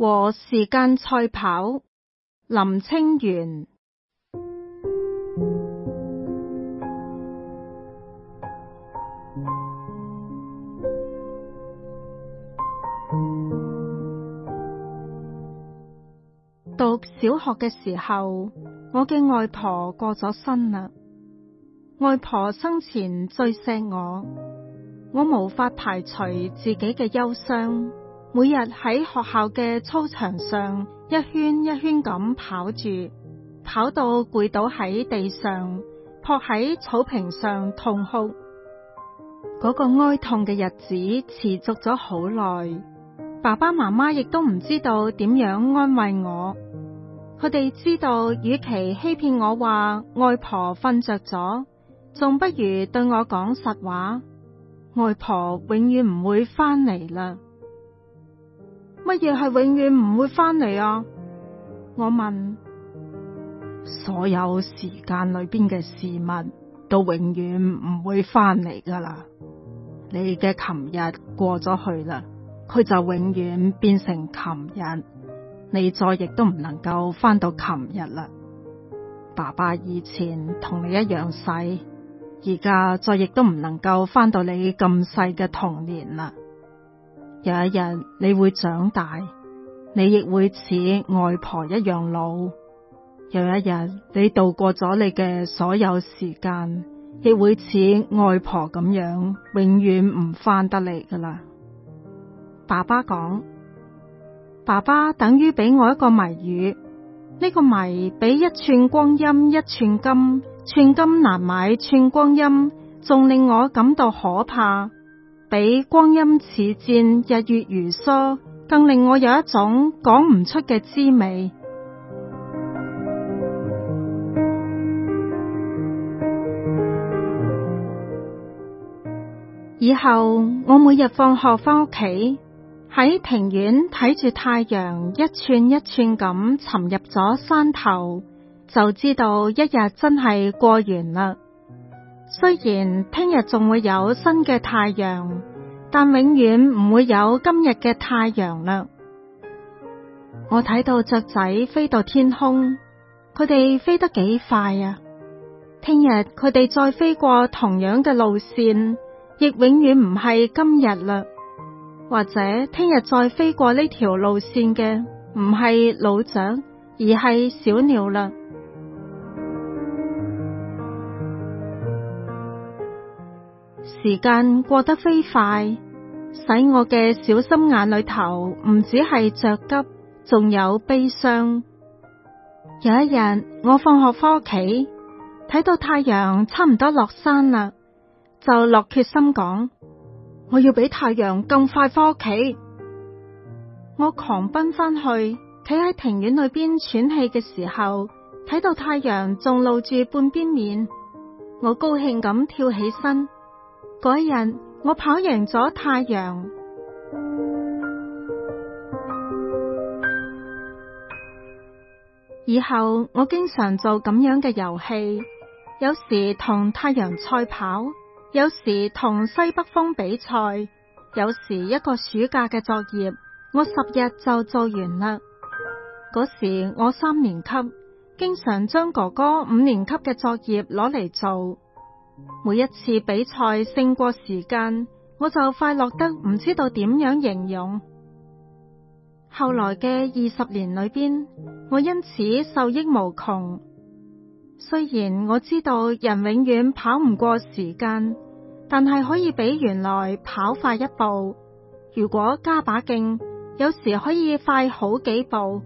和時間賽跑，林清玄。讀小學嘅時候，我嘅外婆過咗身啦。外婆生前最錫我，我無法排除自己嘅憂傷。每日喺學校嘅操場上一圈一圈咁跑住，跑到攰倒喺地上，撲喺草坪上痛哭。嗰個哀痛嘅日子持續咗好耐，爸爸媽媽亦都唔知道點樣安慰我。佢哋知道，與其欺騙我話外婆瞓着咗，仲不如對我講實話：外婆永遠唔會翻嚟啦。乜嘢係永遠唔會翻嚟啊？我問，所有時間裏邊嘅事物都永遠唔會翻嚟噶啦。你嘅琴日過咗去啦，佢就永遠變成琴日，你再亦都唔能夠翻到琴日啦。爸爸以前同你一樣細，而家再亦都唔能夠翻到你咁細嘅童年啦。有一日你會長大，你亦會似外婆一樣老。有一日你度過咗你嘅所有時間，亦會似外婆咁樣永遠唔返得嚟噶啦。爸爸講，爸爸等於俾我一個謎語，呢、這個謎俾一寸光陰一寸金，寸金難買寸光陰，仲令我感到可怕。比光陰似箭、日月如梭，更令我有一種講唔出嘅滋味。以後我每日放學翻屋企，喺庭院睇住太陽一寸一寸咁沉入咗山頭，就知道一日真係過完啦。雖然聽日仲會有新嘅太陽，但永遠唔會有今日嘅太陽啦。我睇到雀仔飛到天空，佢哋飛得幾快啊！聽日佢哋再飛過同樣嘅路線，亦永遠唔係今日嘞，或者聽日再飛過呢條路線嘅，唔係老雀，而係小鳥啦。時間過得飛快，使我嘅小心眼裏頭唔止係着急，仲有悲傷。有一日，我放學翻屋企，睇到太陽差唔多落山啦，就落決心講，我要比太陽更快翻屋企。我狂奔翻去，企喺庭院裏邊喘氣嘅時候，睇到太陽仲露住半邊面，我高興咁跳起身。嗰日我跑贏咗太陽，以後我經常做咁樣嘅遊戲，有時同太陽賽跑，有時同西北風比賽，有時一個暑假嘅作業我十日就做完啦。嗰時我三年級，經常將哥哥五年級嘅作業攞嚟做。每一次比賽勝過時間，我就快樂得唔知道點樣形容。後來嘅二十年裏邊，我因此受益無窮。雖然我知道人永遠跑唔過時間，但係可以比原來跑快一步。如果加把勁，有時可以快好幾步。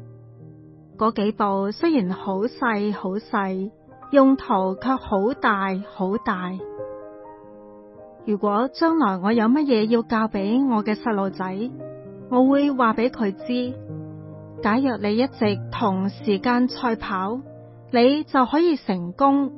嗰幾步雖然好細好細。用途卻好大好大。如果將來我有乜嘢要教俾我嘅細路仔，我會話俾佢知：「假若你一直同時間賽跑，你就可以成功。」